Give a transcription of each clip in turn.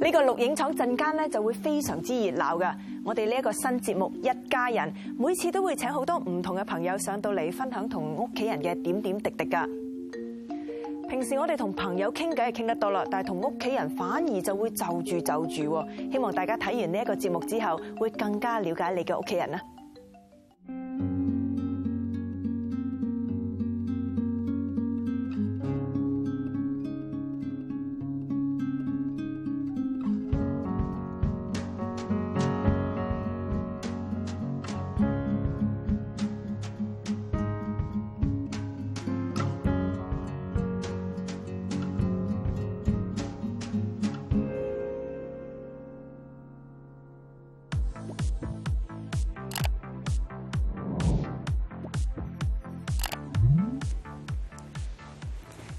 呢個錄影廠陣間咧就會非常之熱鬧噶，我哋呢一個新節目《一家人》，每次都會請好多唔同嘅朋友上到嚟，分享同屋企人嘅點點滴滴噶。平時我哋同朋友傾偈係傾得多啦，但係同屋企人反而就會就住就住。希望大家睇完呢一個節目之後，會更加了解你嘅屋企人啦。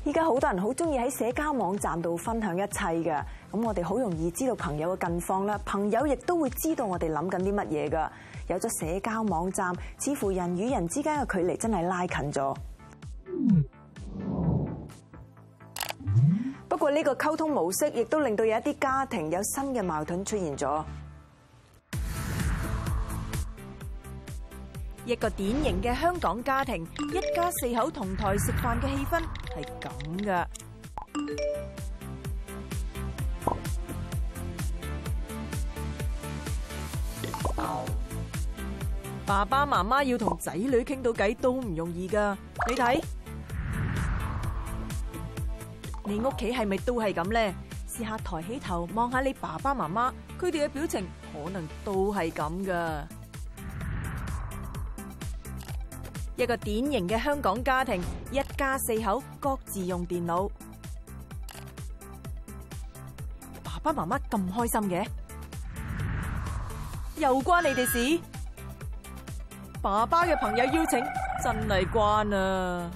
而家好多人好中意喺社交網站度分享一切嘅，咁我哋好容易知道朋友嘅近況啦。朋友亦都會知道我哋諗緊啲乜嘢噶。有咗社交網站，似乎人與人之間嘅距離真係拉近咗。嗯。不過呢個溝通模式亦都令到有一啲家庭有新嘅矛盾出現咗。一個典型嘅香港家庭，一家四口同台食飯嘅氣氛係咁噶。爸爸媽媽要同仔女傾到偈都唔容易噶，你睇， 你屋企係咪都係咁呢？試下抬起頭望下你爸爸媽媽，佢哋嘅表情可能都係咁噶。一個典型嘅香港家庭，一家四口各自用電腦。爸爸媽媽咁開心嘅？又關你哋事？爸爸嘅朋友邀請，真係關啊！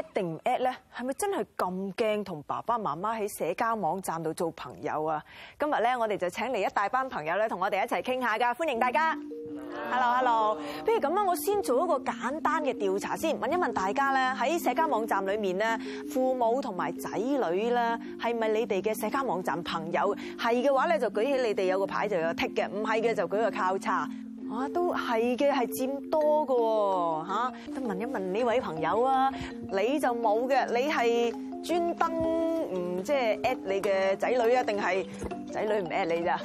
一定唔 at 咧？係咪真係咁驚同爸爸媽媽喺社交網站度做朋友啊？今日咧，我哋就請嚟一大班朋友咧，同我哋一齊傾下噶，歡迎大家。Hello，Hello，不如咁樣，我先做一個簡單嘅調查先，問一問大家咧，喺社交網站裏面咧，父母同埋仔女啦，係咪你哋嘅社交網站朋友？係嘅話咧，就舉起你哋有個牌就有 tick 嘅，唔係嘅就舉個交叉。啊，都係嘅，係佔多㗎，嚇！得問一問呢位朋友啊，你就冇嘅，你係專登唔即係 at 你嘅仔女啊，定係仔女唔 at 你咋？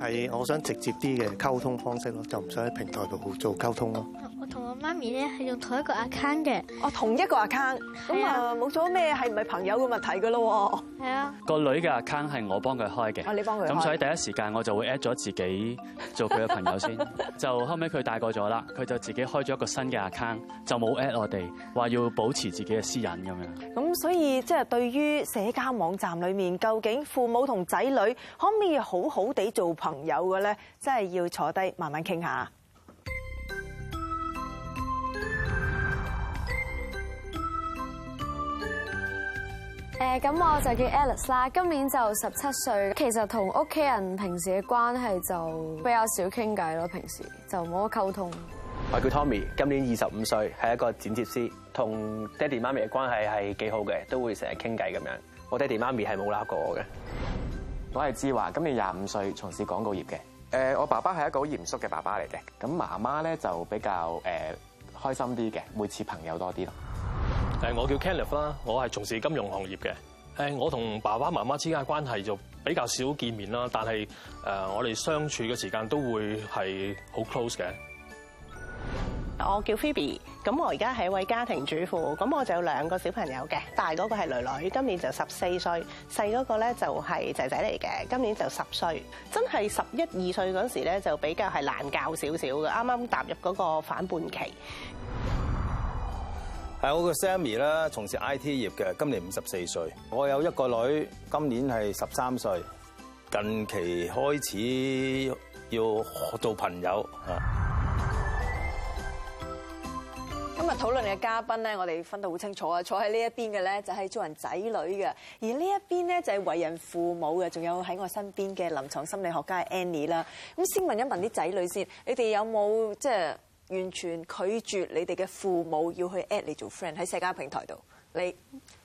係，我想直接啲嘅溝通方式咯，就唔想喺平台度做溝通咯。同我媽咪咧係用同一個 account 嘅，哦同一個 account，咁啊冇咗咩係唔係朋友嘅問題嘅咯喎，係啊，個女嘅 account 係我幫佢開嘅，哦你幫佢，咁所以第一時間我就會 at 咗自己做佢嘅朋友先， 就後尾，佢大個咗啦，佢就自己開咗一個新嘅 account，就冇 at 我哋，話要保持自己嘅私隱咁樣。咁所以即係對於社交網站裏面，究竟父母同仔女可唔可以好好地做朋友嘅咧？真係要坐低慢慢傾下。誒，咁我就叫 Alice 啦，今年就十七歲。其實同屋企人平時嘅關係就比較少傾偈咯，平時就冇乜溝通。我叫 Tommy，今年二十五歲，係一個剪接師。同爹哋媽咪嘅關係係幾好嘅，都會成日傾偈咁樣。我爹哋媽咪係冇鬧過我嘅。我係志華，今年廿五歲，從事廣告業嘅。誒，我爸爸係一個好嚴肅嘅爸爸嚟嘅，咁媽媽咧就比較誒開心啲嘅，每次朋友多啲咯。誒，我叫 Kenneth 啦，我係從事金融行業嘅。誒，我同爸爸媽媽之間嘅關係就比較少見面啦，但係誒，我哋相處嘅時間都會係好 close 嘅。我叫 Phoebe，咁我而家係一位家庭主婦，咁我就有兩個小朋友嘅，大嗰個係女女，今年就十四歲，細嗰個咧就係仔仔嚟嘅，今年就十歲。真係十一二歲嗰時咧，就比較係難教少少嘅，啱啱踏入嗰個反叛期。係我個 Sammy 啦，從事 IT 業嘅，今年五十四歲。我有一個女，今年係十三歲。近期開始要學做朋友啊！今日討論嘅嘉賓咧，我哋分得好清楚啊！坐喺呢一邊嘅咧，就係做人仔女嘅；而呢一邊咧，就係為人父母嘅。仲有喺我身邊嘅臨床心理學家 Annie 啦。咁先問一問啲仔女先，你哋有冇即係？完全拒絕你哋嘅父母要去 add 你做 friend 喺社交平台度，你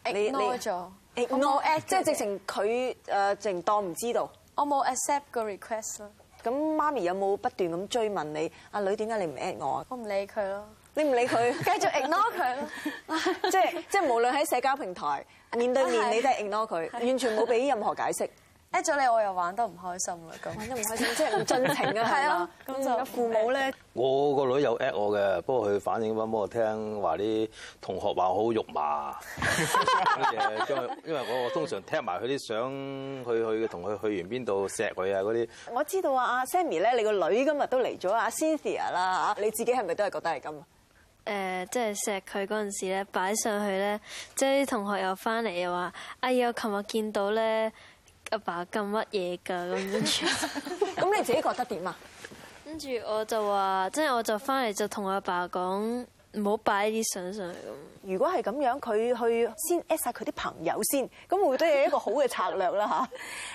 ignore 咗 ignore add，即係直情佢誒，直情當唔知道。我冇 accept 個 request 啦。咁媽咪有冇不斷咁追問你？阿女點解你唔 add 我啊？我唔理佢咯，你唔理佢，繼續 ignore 佢咯。即係即係，無論喺社交平台面對面，你都係 ignore 佢，完全冇俾任何解釋。at、啊、咗你我又玩得唔開心啦，咁玩得唔開心即係唔盡情啊，係啊，咁就有父母咧，我個女有 at 我嘅，不過佢反映翻俾我聽，話啲同學話好肉麻。 因為因我通常聽埋佢啲相，去去同佢去完邊度錫佢啊嗰啲。我知道啊，阿 Sammy 咧，你個女今日都嚟咗啊，Cynthia 啦，你自己係咪都係覺得係咁？誒、呃，即係錫佢嗰陣時咧，擺上去咧，即係啲同學又翻嚟又話：哎呀琴日見到咧。阿爸咁乜嘢㗎，咁跟住，咁 你自己覺得點啊？跟住我就話，即係我就翻嚟就同阿爸講。唔好擺啲相上嚟咯。如果係咁樣，佢去先 at 曬佢啲朋友先，咁會都係一個好嘅策略啦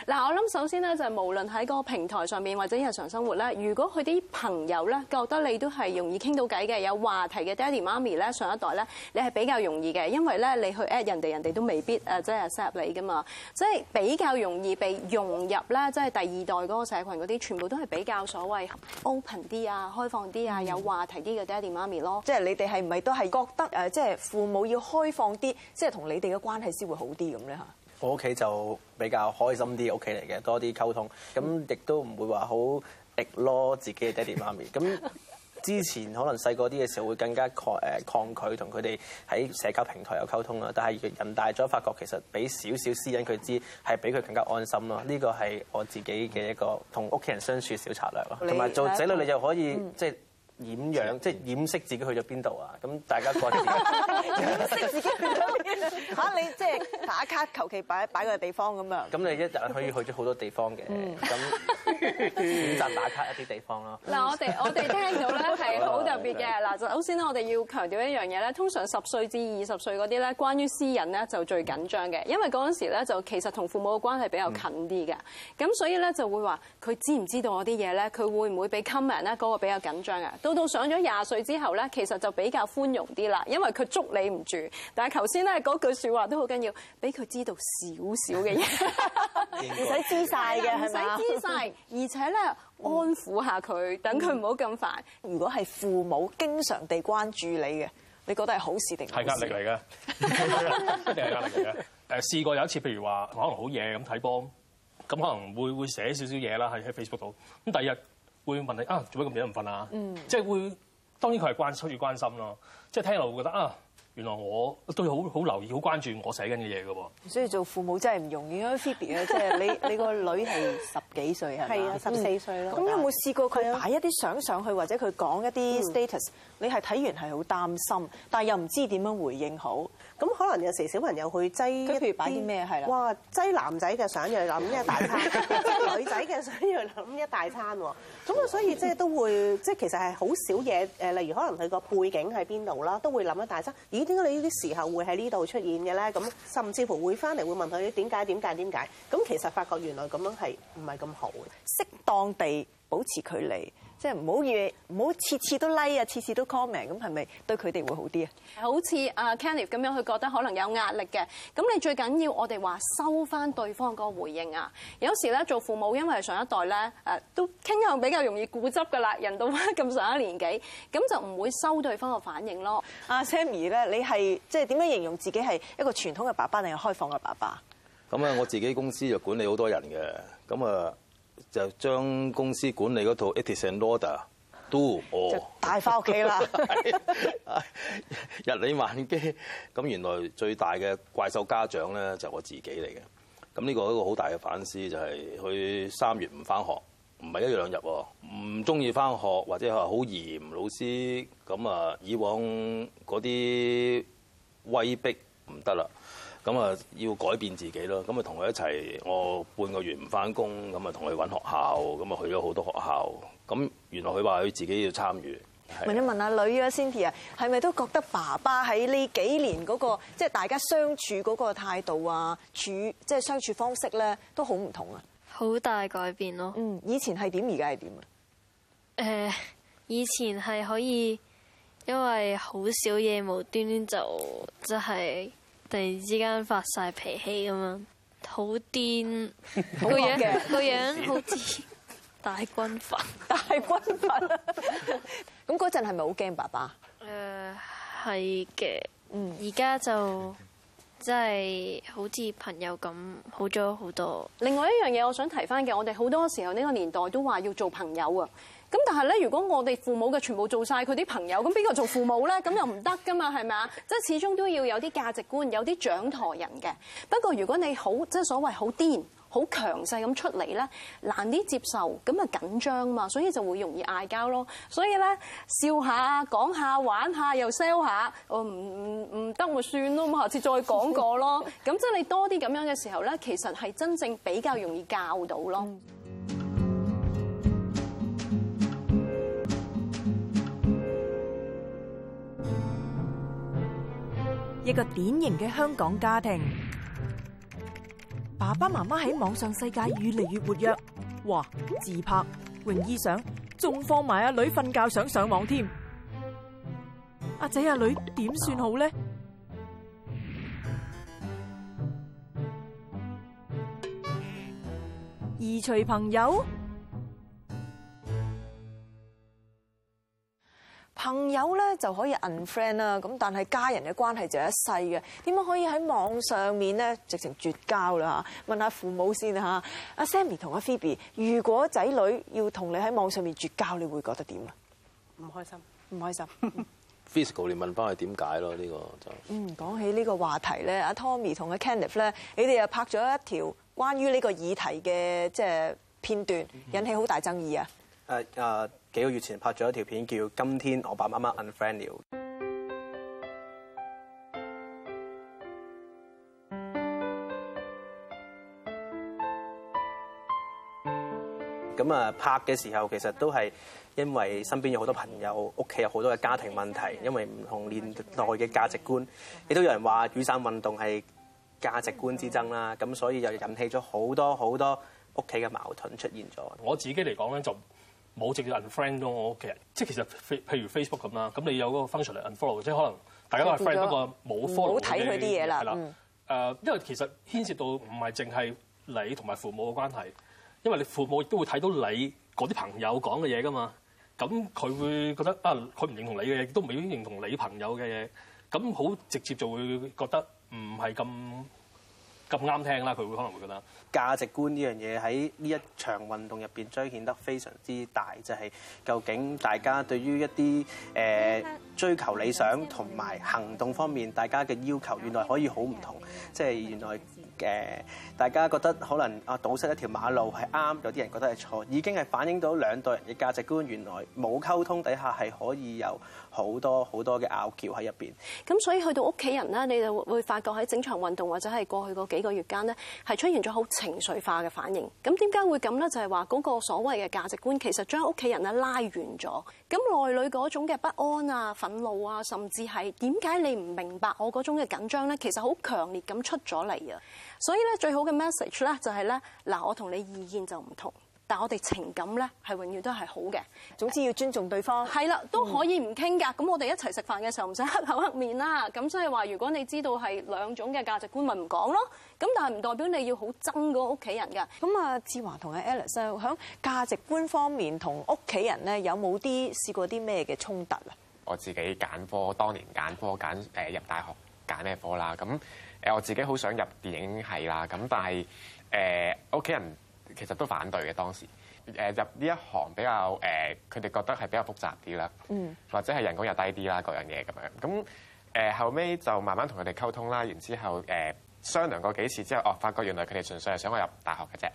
嚇。嗱， 我諗首先咧就係無論喺個平台上面或者日常生活咧，如果佢啲朋友咧覺得你都係容易傾到偈嘅，有話題嘅 daddy 媽咪咧，上一代咧，你係比較容易嘅，因為咧你去 at 人哋，人哋都未必誒即係 at 你噶嘛，所以比較容易被融入咧，即係第二代嗰個社群嗰啲，全部都係比較所謂 open 啲啊、開放啲啊、有話題啲嘅 daddy 媽咪咯，即係你哋。係唔係都係覺得誒，即係父母要開放啲，即係同你哋嘅關係先會好啲咁咧嚇？我屋企就比較開心啲，屋企嚟嘅多啲溝通，咁亦都唔會話好滴咯自己嘅爹哋媽咪。咁 之前可能細個啲嘅時候會更加抗誒抗拒同佢哋喺社交平台有溝通啦，但係人大咗發覺其實俾少少私隱佢知係俾佢更加安心咯。呢個係我自己嘅一個同屋企人相處小策略咯，同埋做仔女你就可以、嗯、即係。掩樣，即係掩飾自己去咗邊度啊！咁大家覺得？嚇、啊、你即係打卡，求其擺擺個地方咁樣，咁你一日可以去咗好多地方嘅，咁選擇打卡一啲地方咯。嗱，我哋我哋聽到咧係好特別嘅。嗱， 首先咧我哋要強調一樣嘢咧，通常十歲至二十歲嗰啲咧，關於私隱咧就最緊張嘅，因為嗰陣時咧就其實同父母嘅關係比較近啲嘅，咁 所以咧就會話，佢知唔知道我啲嘢咧，佢會唔會俾 comment 咧嗰個比較緊張啊。到到上咗廿歲之後咧，其實就比較寬容啲啦，因為佢捉你唔住。但係頭先咧嗰句説話都好緊要，俾佢知道少少嘅嘢，唔使 知晒嘅，係嘛？唔使知曬，而且咧安撫下佢，等佢唔好咁煩。如果係父母經常地關注你嘅，你覺得係好事定係壓力嚟嘅？一定係壓力嚟嘅。誒， 試過有一次，譬如話可能好夜咁睇波，咁可能會會寫少少嘢啦，喺喺 Facebook 度。咁第二日會問你啊，做咩咁夜唔瞓啊？嗯，即係會當然佢係關出於關心咯，即係聽落會覺得啊。原來我都好好留意、好關注我寫緊嘅嘢㗎喎。所以做父母真係唔容易啊！Phoebe 啊，即係你你個女係十幾歲係嘛、啊？十四歲咯。咁、嗯、有冇試過佢擺一啲相上去，或者佢講一啲 status？嗯、你係睇完係好擔心，但係又唔知點樣回應好。咁、嗯、可能有時小朋友去擠，佢譬如擺啲咩係啦？哇！擠男仔嘅相又諗一大餐， 女仔嘅相又要諗一大餐喎。咁啊，所以即係都會，即係其實係好少嘢誒。例如可能佢個背景喺邊度啦，都會諗一大餐。點解你呢啲時候會喺呢度出現嘅咧？咁甚至乎會翻嚟會問佢點解？點解？點解？咁其實發覺原來咁樣係唔係咁好，適當地。保持距離，即係唔好以「唔好，次次都 like 啊，次次都 comment，咁係咪對佢哋會好啲啊？好似阿 Kenneth 咁樣，佢覺得可能有壓力嘅。咁你最緊要我哋話收返對方個回應啊。有時咧做父母，因為上一代咧誒都傾向比較容易固執㗎喇，人到咁上一年紀，咁就唔會收對方個反應咯。阿 Sammy 咧，你係即係點樣形容自己係一個傳統嘅爸爸定係開放嘅爸爸？咁啊，我自己公司就管理好多人嘅，咁啊。就將公司管理嗰套 Edition Order 都哦帶翻屋企啦！ 日理萬機咁，原來最大嘅怪獸家長咧就係我自己嚟嘅。咁呢個一個好大嘅反思就係、係、佢三月唔翻學，唔係一兩日，唔中意翻學或者係好嚴老師咁啊，以往嗰啲威逼唔得啦。咁啊，要改變自己咯。咁啊，同佢一齊，我半個月唔翻工，咁啊，同佢揾學校，咁啊，去咗好多學校。咁原來佢話佢自己要參與。問一問阿女啊，Cindy 啊，係咪都覺得爸爸喺呢幾年嗰個，即係大家相處嗰個態度啊，處即係相處方式咧，都好唔同啊？好大改變咯。嗯，以前係點？而家係點啊？誒，以前係可以，因為好少嘢無端端就即係。突然之間發晒脾氣咁 軍粉、 呃、樣，好癲，個樣個樣好似大軍閥，大軍閥。咁嗰陣係咪好驚爸爸？誒，係嘅。嗯，而家就即係好似朋友咁，好咗好多。另外一樣嘢，我想提翻嘅，我哋好多時候呢個年代都話要做朋友啊。咁但係咧，如果我哋父母嘅全部做晒，佢啲朋友，咁邊個做父母咧？咁又唔得噶嘛，係咪啊？即係始終都要有啲價值觀，有啲掌舵人嘅。不過如果你好即係所謂好癲、好強勢咁出嚟咧，難啲接受，咁啊緊張嘛，所以就會容易嗌交咯。所以咧，笑下、講下、玩下又 sell 下，唔唔唔得咪算咯，我下次再講過咯。咁 即係你多啲咁樣嘅時候咧，其實係真正比較容易教到咯。嗯。一個典型嘅香港家庭，爸爸媽媽喺網上世界越嚟越活躍，哇！自拍、泳衣相，仲放埋阿女瞓覺想上網添。阿仔阿女點算好咧？移除朋友？朋友咧就可以 unfriend 啦，咁但係家人嘅關係就係一世嘅，點樣可以喺網上面咧直情絕交啦？嚇，問下父母先嚇。阿 Sammy 同阿 Phoebe，如果仔女要同你喺網上面絕交，你會覺得點啊？唔開心，唔開心。Physical，你問翻佢點解咯？呢個就嗯講起呢個話題咧，阿 Tommy 同阿 Kenneth 咧，你哋又拍咗一條關於呢個議題嘅即係片段，引起好大爭議啊！誒、啊、誒、啊、幾個月前拍咗一條片，叫《今天我爸媽媽 unfriend 了》。咁啊，拍嘅時候其實都係因為身邊有好多朋友，屋企有好多嘅家庭問題，因為唔同年代嘅價值觀，亦都有人話雨傘運動係價值觀之爭啦。咁所以又引起咗好多好多屋企嘅矛盾出現咗。我自己嚟講呢，就冇直接 unfriend 咯，我屋企人，即係其實，譬如 Facebook 咁啦，咁你有嗰個 function 嚟 unfollow，即係可能大家都係 friend，不過冇 follow 好睇你係啦。誒，嗯、因為其實牽涉到唔係淨係你同埋父母嘅關係，因為你父母亦都會睇到你嗰啲朋友講嘅嘢噶嘛。咁佢會覺得啊，佢唔認同你嘅，嘢，都唔未認同你朋友嘅，嘢。咁好直接就會覺得唔係咁。咁啱聽啦，佢會可能會覺得價值觀呢樣嘢喺呢一場運動入邊彰顯得非常之大，就係、是、究竟大家對於一啲誒、呃、追求理想同埋行動方面，大家嘅要求原來可以好唔同，即、就、係、是、原來誒、呃、大家覺得可能啊堵塞一條馬路係啱，有啲人覺得係錯，已經係反映到兩代人嘅價值觀原來冇溝通底下係可以有好多好多嘅拗撬喺入邊，咁所以去到屋企人呢，你就會發覺喺整場運動或者係過去嗰幾個月間呢，係出現咗好情緒化嘅反應，咁點解會咁呢？就係話嗰個所謂嘅價值觀其實將屋企人咧拉遠咗，咁內裏嗰種嘅不安啊、憤怒啊，甚至係點解你唔明白我嗰種嘅緊張呢，其實好強烈咁出咗嚟啊！所以咧，最好嘅 message 呢就係呢嗱，我同你意見就唔同。但我哋情感咧，係永遠都係好嘅。總之要尊重對方。係、哎、啦，都可以唔傾噶。咁、嗯、我哋一齊食飯嘅時候，唔使黑口黑面啦。咁所以話，如果你知道係兩種嘅價值觀不，咪唔講咯。咁但係唔代表你要好憎個屋企人噶。咁啊，志華同阿 Alex 響價值觀方面，同屋企人咧有冇啲試過啲咩嘅衝突啊？我自己揀科，當年揀科揀誒、呃、入大學揀咩科啦。咁誒，我自己好想入電影系啦。咁但係誒屋企人。其實都反對嘅。當時，誒、呃、入呢一行比較誒，佢、呃、哋覺得係比較複雜啲啦、嗯，或者係人工又低啲啦，各樣嘢咁樣。咁、呃、誒後尾就慢慢同佢哋溝通啦，然之後誒、呃、商量過幾次之後，哦，發覺原來佢哋純粹係想我入大學嘅啫。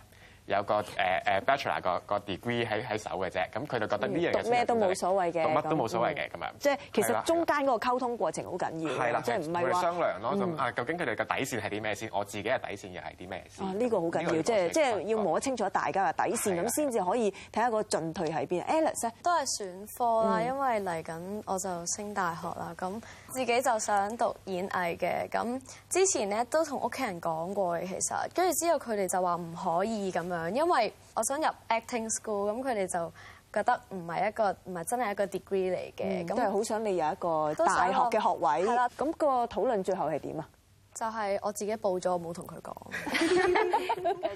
有個誒誒、uh, bachelor 個 degree 喺喺手嘅啫，咁佢就覺得呢樣嘢就讀咩、是、都冇所謂嘅，乜都冇所謂嘅咁啊。即係其實中間嗰個溝通過程好緊要，嗯嗯、即係唔係話會商量咯咁、嗯、啊？究竟佢哋嘅底線係啲咩先？我自己嘅底線又係啲咩先？呢、啊呢個好緊要，這個就是、即係即係要摸清楚大家嘅底線，咁先至可以睇下個進退喺邊。Alex 都係選科啦，嗯、因為嚟緊我就升大學啦，咁自己就想讀演藝嘅，咁之前咧都同屋企人講過嘅，其實跟住之後佢哋就話唔可以咁樣。因為我想入 acting school，咁佢哋就覺得唔係一個唔係真係一個 degree 嚟嘅，咁都係好想你有一個大學嘅學位。係啦，咁個討論最後係點啊？就係我自己報咗，冇同佢講，繼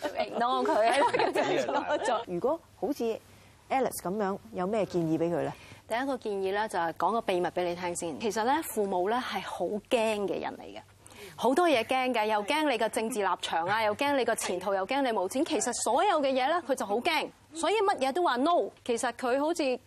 續 ignore 佢。如果好似 Alex 咁樣，有咩建議俾佢咧？第一個建議咧，就係講個秘密俾你聽先。其實咧，父母咧係好驚嘅人嚟嘅。好多嘢驚嘅，又驚你個政治立場啊，又驚你個前途，又驚你冇錢。其實所有嘅嘢咧，佢就好驚，所以乜嘢都話 no。其實佢好似誒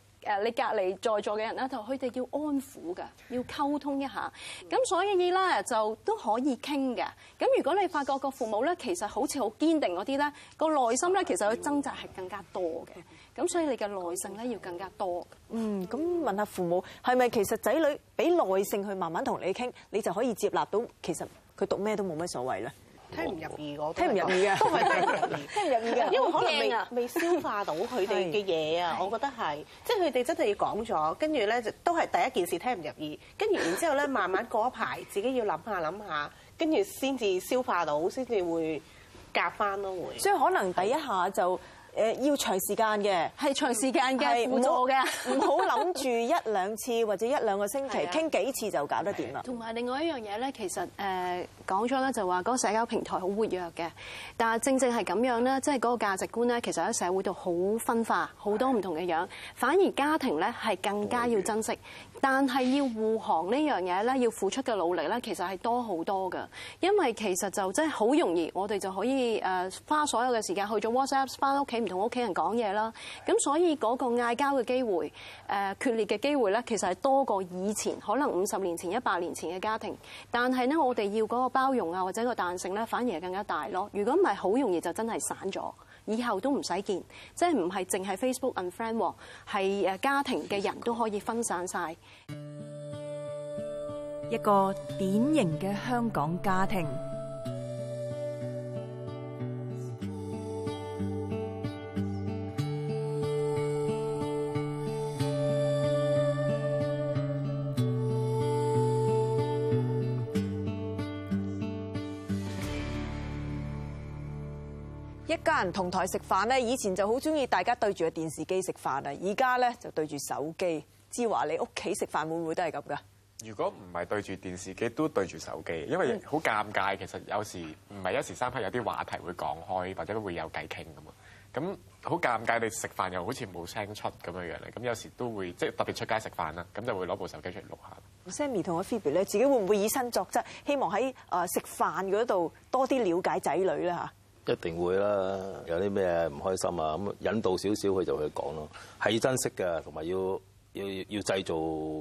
你隔離在座嘅人咧，就佢哋要安撫嘅，要溝通一下。咁所以咧就都可以傾嘅。咁如果你發覺個父母咧，其實好似好堅定嗰啲咧，個內心咧其實佢掙扎係更加多嘅。咁所以你嘅耐性咧要更加多。嗯，咁問下父母係咪其實仔女畀耐性去慢慢同你傾，你就可以接納到其實佢讀咩都冇乜所謂啦。聽唔入耳的我。聽唔入耳㗎。都係聽唔入耳。聽唔入耳㗎。因為可能未未 消化到佢哋嘅嘢啊，我覺得係。即係佢哋真係講咗，跟住咧就都係第一件事聽唔入耳，跟住然之後咧慢慢過一排，自己要諗下諗下，跟住先至消化到，先至會夾翻咯會。所以可能第一下就。誒、呃，要長時間嘅，係長時間嘅輔助嘅，唔好諗住一兩次或者一兩個星期傾幾次就搞得掂啦。同埋另外一樣嘢咧，其實誒。呃講咗咧就話嗰個社交平台好活躍嘅，但正正係咁樣咧，即係嗰個價值觀咧，其實喺社會度好分化，好多唔同嘅樣。反而家庭咧係更加要珍惜，但係要護航呢樣嘢咧，要付出嘅努力咧，其實係多好多㗎。因為其實就真係好容易，我哋就可以花所有嘅時間去咗 WhatsApp，翻屋企唔同屋企人講嘢啦。咁所以嗰個嗌交嘅機會、誒、呃、決裂嘅機會咧，其實係多過以前，可能五十年前、一百年前嘅家庭。但係呢，我哋要嗰、嗰個包容啊，或者個彈性咧，反而係更加大咯。如果唔係好容易就真係散咗，以後都唔使見，即係唔係淨係 Facebook a n d f r i e n d 係誒家庭嘅人都可以分散晒一個典型嘅香港家庭。同台食飯咧，以前就好中意大家對住個電視機食飯啊，而家咧就對住手機。志華，你屋企食飯會唔會都係咁噶？如果唔係對住電視機，都對住手機，因為好尷尬。其實有時唔係一時三刻有啲話題會講開，或者會有偈傾噶嘛。咁好尷尬，你食飯又好似冇聲出咁樣樣嚟。咁有時都會即係特別出街食飯啦，咁就會攞部手機出嚟錄下。Sammy 同阿 Phoebe 咧，自己會唔會以身作則，希望喺誒、呃、食飯嗰度多啲了解仔女咧嚇？一定會啦，有啲咩唔開心啊，咁引導少少佢就去講咯，係要珍惜嘅，同埋要要要製造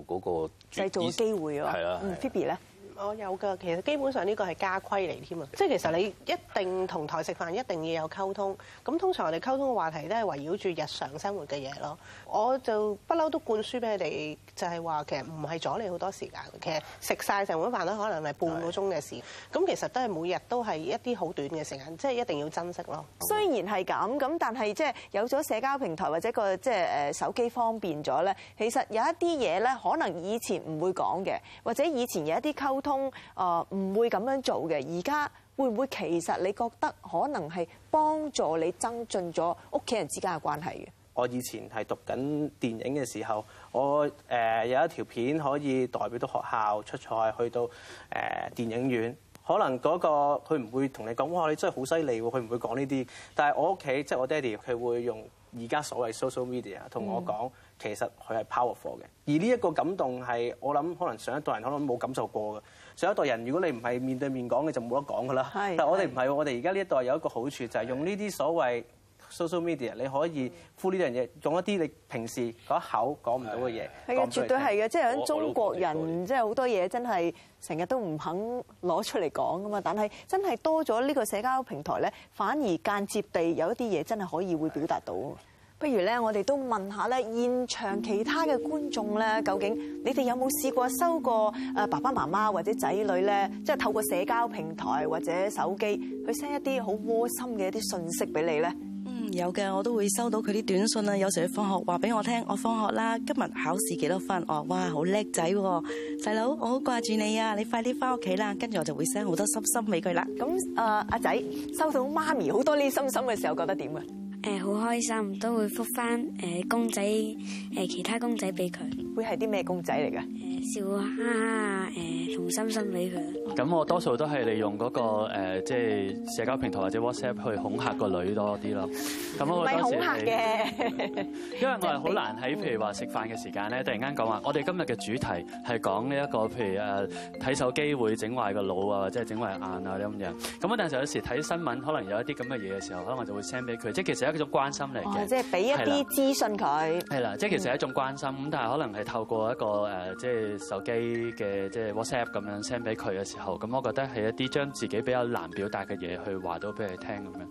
嗰個製造，個製造機會喎。係啊 p h 咧？我有㗎，其實基本上呢個係家規嚟添啊！即係其實你一定同台食飯，一定要有溝通。咁通常我哋溝通嘅話題都係圍繞住日常生活嘅嘢咯。我就不嬲都灌輸俾你哋，就係話其實唔係阻你好多時間。其實食晒成碗飯都可能係半個鐘嘅事。咁其實都係每日都係一啲好短嘅時間，即係一定要珍惜咯。雖然係咁，咁但係即係有咗社交平台或者個即係誒手機方便咗咧，其實有一啲嘢咧可能以前唔會講嘅，或者以前有一啲溝通啊，唔、呃、會咁樣做嘅。而家會唔會其實你覺得可能係幫助你增進咗屋企人之間嘅關係嘅？我以前係讀緊電影嘅時候，我誒、呃、有一條片可以代表到學校出賽，去到誒、呃、電影院。可能嗰個佢唔會同你講，哇！你真係好犀利喎，佢唔會講呢啲。但係我屋企即係我爹哋，佢會用而家所謂 social media 同我講，嗯，其實佢係 powerful 嘅。而呢一個感動係我諗，可能上一代人可能冇感受過嘅。上一代人如果你唔係面對面講嘅，就冇得講噶啦。但係我哋唔係，我哋而家呢一代有一個好處就係用呢啲所謂 social media 你可以呼呢樣嘢，講一啲你平時嗰口講唔到嘅嘢係啊，絕對係嘅。即係響中國人，即係好多嘢真係成日都唔肯攞出嚟講噶嘛。但係真係多咗呢個社交平台咧，反而間接地有一啲嘢真係可以會表達到。不如咧，我哋都問下咧現場其他嘅觀眾咧，究竟你哋有冇試過收過誒爸爸媽媽或者仔女咧，即係透過社交平台或者手機去 send 一啲好窩心嘅一啲信息俾你咧？有嘅，我都會收到佢啲短信啊！有時佢放學話俾我聽，我放學啦，今日考試幾多分？我話、哦、哇，好叻仔喎，細佬，我好掛住你啊！你快啲返屋企啦！跟住我就會 send 好多心心俾佢啦。咁誒，阿、呃、仔收到媽咪好多呢啲心心嘅時候，覺得點㗎？誒、呃，好開心，都會覆返誒公仔誒、呃、其他公仔俾佢。會係啲咩公仔嚟㗎？笑啊！誒，同心心俾佢。咁我多數都係利用嗰個誒，即係社交平台或者 WhatsApp 去恐嚇個女多啲咯。咁啊，恐嚇嘅因為我係好難喺譬如話食飯嘅時間咧，突然間講話，我哋今日嘅主題係講呢一個譬如誒睇手機會整壞個腦啊，或者係整壞眼啊咁樣。咁啊，但係有時睇新聞可能有一啲咁嘅嘢嘅時候，可能就會 send 俾佢。即係其實係一種關心嚟嘅。即係俾一啲資訊佢。係啦，即係其實係一種關心，咁但係可能係透過一個誒，即係。手機嘅即係 WhatsApp 咁樣 send 俾佢嘅時候，咁我覺得係一啲將自己比較難表達嘅嘢去話到俾佢聽咁樣。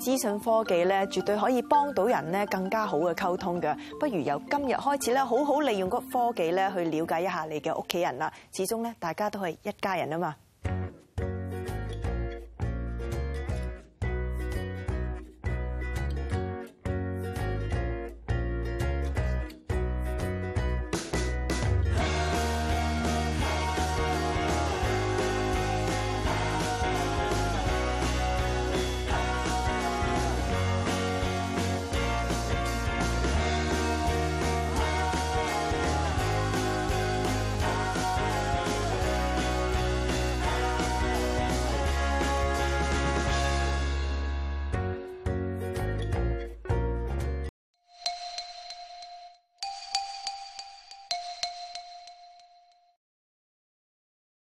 資訊科技咧，絕對可以幫到人咧更加好嘅溝通㗎。不如由今日開始咧，好好利用個科技咧，去了解一下你嘅屋企人啦。始終咧，大家都係一家人啊嘛。